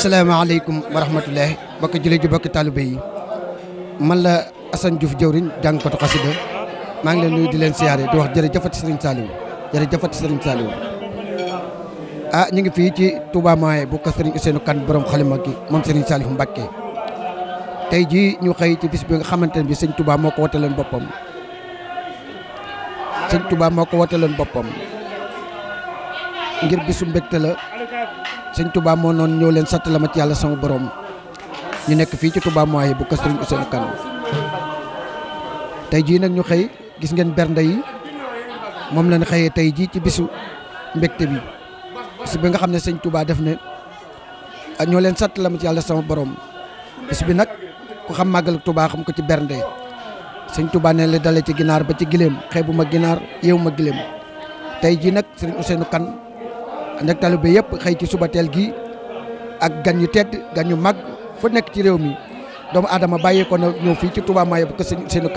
asalaamaaleykum wa rahmatulah mbokki jullit ji mbokki taalibe yi man la Assane Diouf jëwriñ jàngkatu xasida maa ngi leen nuyu di leen siyaare di wax jërëjëfati Serigne Saliou jërëjëfati Serigne Saliou a ah, ñu ngi fii ci Touba Maé bu ko Serigne Ousseynou Kane borom xalima gi moom Serigne Saliou Mbacké tey jii ñu xëy ci bis bi nga xamante ne bi sëñ Touba moo ko wataleen boppam sëñ Touba moo ko wataleen boppam ngir bisu mbégte la sëñ Touba moo noonu ñëw leen sant la ma ci yàlla sama borom ñu nekk fii ci Touba Maé bu ko Serigne Ousseynou Kane tey jii nag ñu xëy. gis ngeen bernde yi moom lañ xëyee tey jii ci bisu mbégte bi bis bi nga xam ne sëñ tubaa def ne ah, ñoo leen sant la ma ci yàlla sama boroom bis bi nag ku xam màggal tubaa xam ko ci bernde yi sëñ Touba ne la dale ci ginaar ba ci gileem xeebu ma ginaar yeewu ma gileem tey jii nag sëriñ kan Kane ànd ak taalibe xëy ci suba teel gi ak gan yu tedd gan yu mag fu nekk ci réew mi doomu aadama bàyyeekoo na ñëw fii ci Touba Mbaye bu ko seenu Ousseynou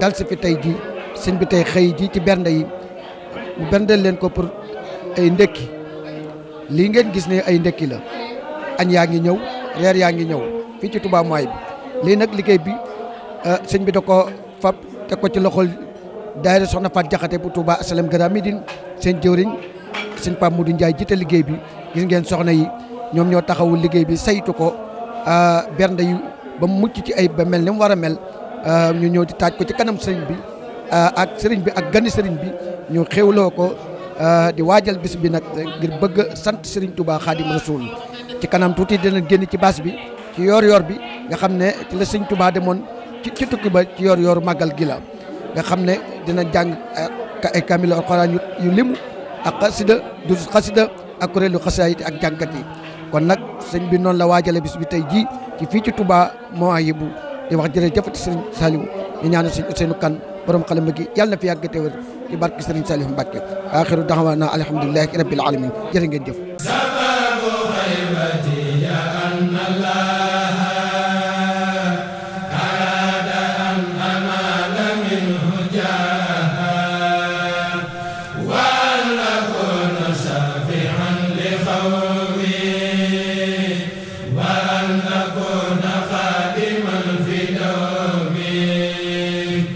dal fi tey jii sëñ bi tey xëy ji ci bernde yi mu berndeel leen ko pour ay ndekki lii ngeen gis ni ay ndekki la añ yaa ngi ñëw reer yaa ngi ñëw fii ci Touba Maay bi lii nag liggéey bi ah, sëñ bi da ko fab te ko ci loxol daayira soxna Faat Jaxate bu Touba Asalaam Grand Médine seen jëwriñ sëñ mu Modou Ndiaye jiite liggéey bi gis ngeen soxna yi ñoom ñoo taxawul liggéey bi saytu ko ah, bernde yu ba mucc ci ay ba mel ni mu war a mel Euh, ñu ñëw di taaj ko ci kanam sëriñ bi euh, ak sëriñ bi ak gani sëriñ bi ñu xewloo ko euh, di waajal bis bi nag eh, ngir bëgg sant sëriñ Touba Xaadim Rasuul ci kanam tuuti dina génn ci baas bi ci yoor-yoor bi nga xam ne la sëriñ Touba demoon ci ci tukki ba màggal gi nga xam ne dina jàng eh, ay kaamil alxuraan yu limu ak xasida du xasida ak kuréelu xasaayit ak jàngat yi kon nag sëñ bi noonu la waajale bis bi tey jii ci fii ci Touba Mawahibou di wax jërëjëf ci Serigne Saliou di ñaanal Serigne Ousseynou Kane borom xalima gi yàlla na fi yàgg te wér ci barke Serigne Saliou Mbacke axiru daxawaana alhamdulilahi rabbil alamin jërë ngeen jëf